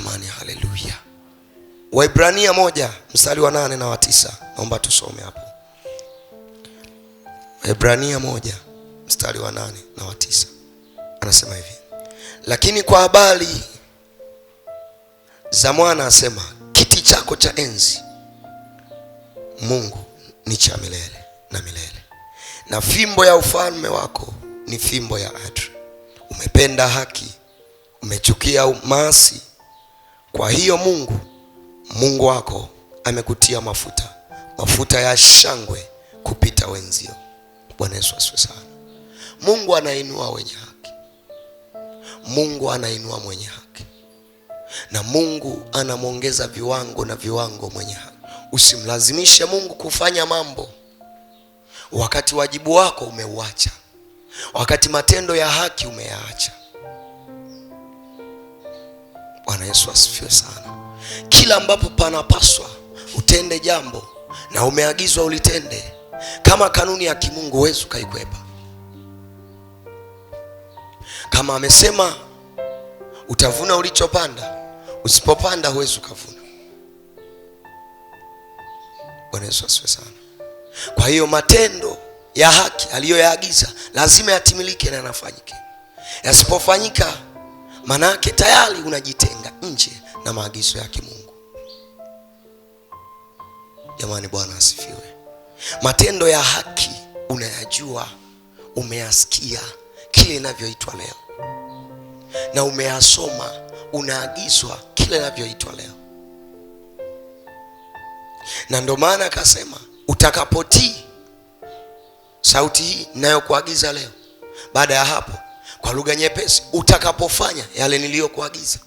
Jamani, haleluya! Waibrania moja mstari wa nane na wa tisa naomba tusome hapo. Waibrania moja mstari wa nane na wa tisa anasema hivi, lakini kwa habari za mwana asema, kiti chako cha enzi Mungu ni cha milele na milele, na fimbo ya ufalme wako ni fimbo ya adri. Umependa haki, umechukia maasi kwa hiyo Mungu Mungu wako amekutia mafuta, mafuta ya shangwe kupita wenzio. Bwana Yesu asifiwe sana. Mungu anainua wenye haki, Mungu anainua mwenye haki, na Mungu anamwongeza viwango na viwango mwenye haki. Usimlazimishe Mungu kufanya mambo wakati wajibu wako umeuacha, wakati matendo ya haki umeyaacha. Bwana Yesu asifiwe sana. Kila ambapo panapaswa utende jambo na umeagizwa ulitende, kama kanuni ya kimungu huwezi ukaikwepa. Kama amesema utavuna ulichopanda, usipopanda huwezi ukavuna. Bwana Yesu asifiwe sana. Kwa hiyo matendo ya haki aliyoyaagiza lazima yatimilike na yanafanyike, yasipofanyika Manake tayari unajitenga nje na maagizo yake Mungu. Jamani, Bwana asifiwe. Matendo ya haki unayajua, umeyasikia kile inavyoitwa leo, na umeyasoma, unaagizwa kile inavyoitwa leo, na ndio maana akasema utakapotii sauti hii ninayokuagiza leo, baada ya hapo kwa lugha nyepesi, utakapofanya yale niliyokuagiza,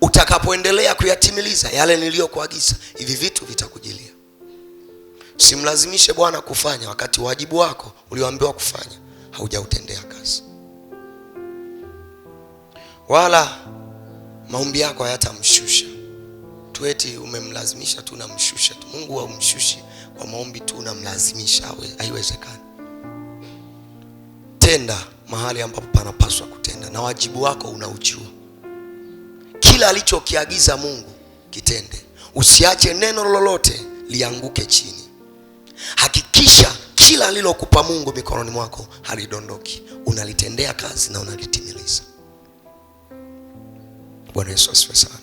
utakapoendelea kuyatimiliza yale niliyokuagiza, hivi vitu vitakujilia. Simlazimishe Bwana kufanya wakati wajibu wako ulioambiwa kufanya haujautendea kazi, wala maombi yako hayatamshusha tu. Eti umemlazimisha tu, namshusha tu. Mungu haumshushi kwa maombi tu, unamlazimisha. Haiwezekani kutenda mahali ambapo panapaswa kutenda, na wajibu wako unaujua. Kila alichokiagiza Mungu kitende, usiache neno lolote lianguke chini. Hakikisha kila alilokupa Mungu mikononi mwako halidondoki, unalitendea kazi na unalitimiliza. Bwana Yesu asifiwe sana.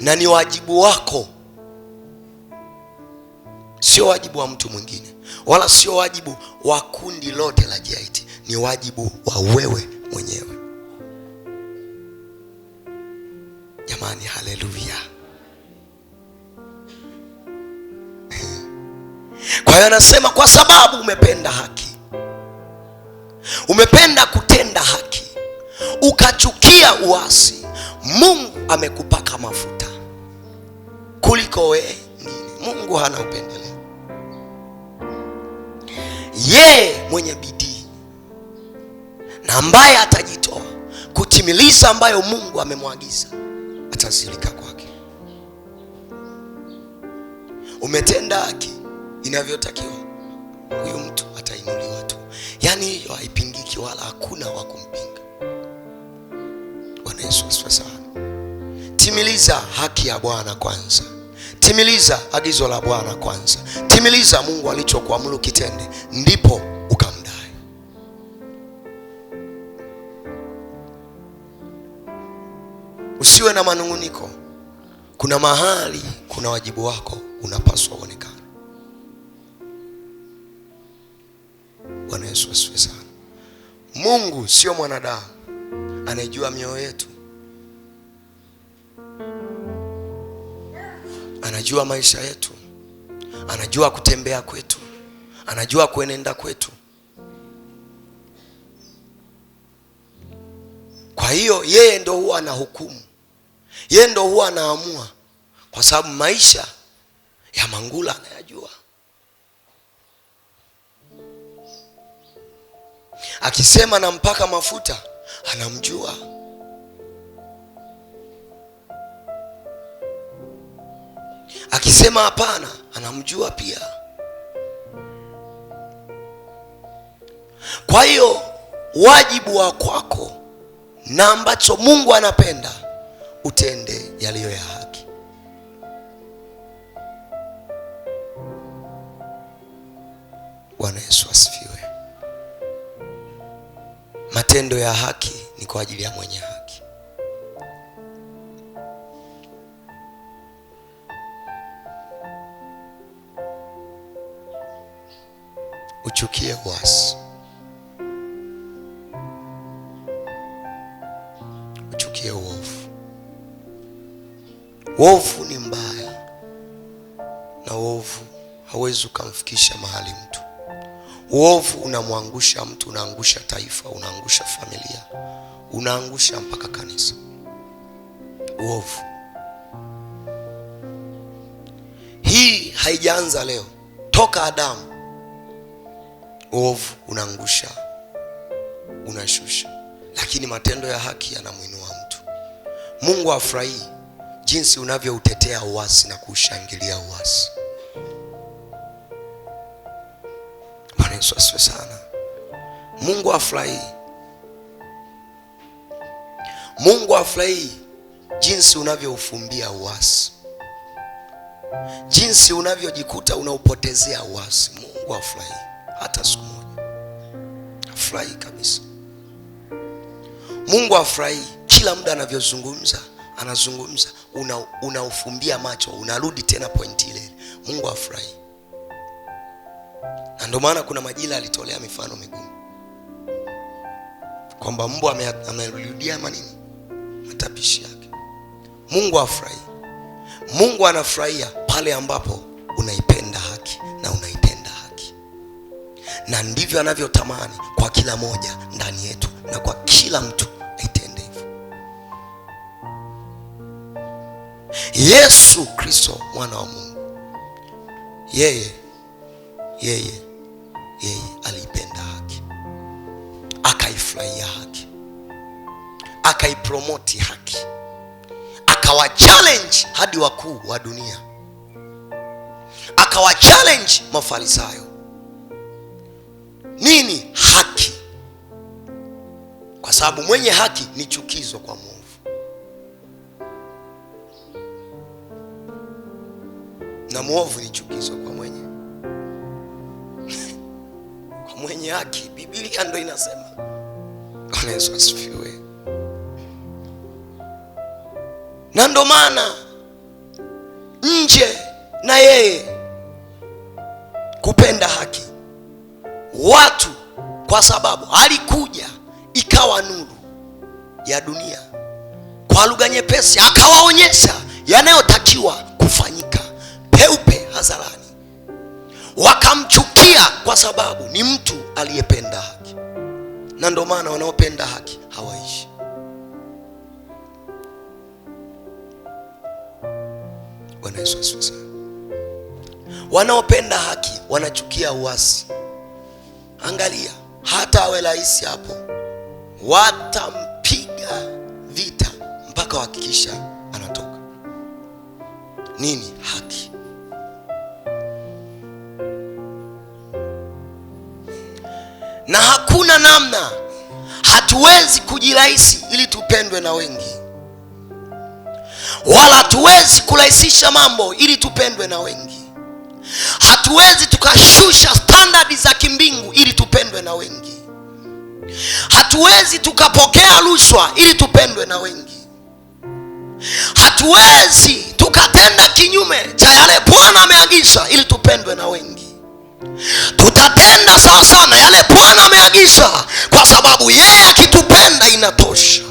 Na ni wajibu wako, sio wajibu wa mtu mwingine, wala sio wajibu wa kundi lote la JIT ni wajibu wa wewe mwenyewe. Jamani, haleluya! Kwa hiyo anasema kwa sababu umependa haki, umependa kutenda haki, ukachukia uasi, Mungu amekupaka mafuta kuliko we nini Mungu hana upendeleo, yeye mwenye bidii na ambaye atajitoa kutimiliza ambayo Mungu amemwagiza atazilika kwake. Umetenda haki inavyotakiwa, huyu mtu atainuliwa tu. Yaani hiyo haipingiki wala hakuna wa kumpinga. Bwana Yesu asifiwe sana. Timiliza haki ya Bwana kwanza. Timiliza agizo la Bwana kwanza. Timiliza Mungu alichokuamuru kitende, ndipo Usiwe na manunguniko. Kuna mahali, kuna wajibu wako unapaswa uonekane. Bwana Yesu asifiwe sana. Mungu sio mwanadamu, anayejua mioyo yetu, anajua maisha yetu, anajua kutembea kwetu, anajua kuenenda kwetu. Kwa hiyo yeye ndo huwa na hukumu ye ndo huwa anaamua, kwa sababu maisha ya Mangula anayajua. Akisema na mpaka mafuta anamjua. Akisema hapana anamjua pia. Kwa hiyo wajibu wa kwako na ambacho Mungu anapenda utende yaliyo ya haki. Bwana Yesu asifiwe. Matendo ya haki ni kwa ajili ya mwenye haki. Uchukie uasi. Uovu ni mbaya, na uovu hauwezi ukamfikisha mahali mtu. Uovu unamwangusha mtu, unaangusha taifa, unaangusha familia, unaangusha mpaka kanisa. Uovu hii haijaanza leo, toka Adamu. Uovu unaangusha, unashusha, lakini matendo ya haki yanamwinua mtu. Mungu afurahii jinsi unavyoutetea uasi na kuushangilia uasi. Bwana Yesu asifiwe sana. Mungu afurahii, Mungu afurahii jinsi unavyoufumbia uasi, jinsi unavyojikuta unaupotezea uasi. Mungu afurahii hata siku moja, afurahi kabisa. Mungu afurahii kila muda anavyozungumza anazungumza, unaufumbia una macho, unarudi tena pointi ile. Mungu afurahi. Na ndio maana kuna majira alitolea mifano migumu kwamba mbwa amerudia manini matapishi yake. Mungu afurahi. Mungu anafurahia pale ambapo unaipenda haki na unaitenda haki, na ndivyo anavyotamani kwa kila moja ndani yetu na kwa kila mtu. Yesu Kristo mwana wa Mungu, yeye yeye yeye aliipenda haki akaifurahia haki akaipromoti haki challenge hadi wakuu wa dunia challenge Mafarisayo. Nini haki? Kwa sababu mwenye haki ni chukizo kwa Mungu. na mwovu ni chukizo kwa mwenye kwa mwenye haki. Biblia ndo inasema. Bwana Yesu asifiwe. Na ndo maana nje na yeye kupenda haki watu, kwa sababu alikuja ikawa nuru ya dunia, kwa lugha nyepesi akawaonyesha yanayotakiwa kufanyika hadharani, wakamchukia kwa sababu ni mtu aliyependa haki, na ndio maana wanaopenda haki hawaishi. Bwana Yesu asifiwe Wanaopenda haki wanachukia uasi. Angalia, hata awe rais hapo watampiga vita mpaka wahakikisha anatoka. Nini haki? na hakuna namna, hatuwezi kujirahisi ili tupendwe na wengi, wala hatuwezi kurahisisha mambo ili tupendwe na wengi. Hatuwezi tukashusha standardi za kimbingu ili tupendwe na wengi. Hatuwezi tukapokea rushwa ili tupendwe na wengi. Hatuwezi tukatenda kinyume cha yale Bwana ameagiza ili tupendwe na wengi. Tuta Bwana ameagiza, kwa sababu yeye akitupenda inatosha.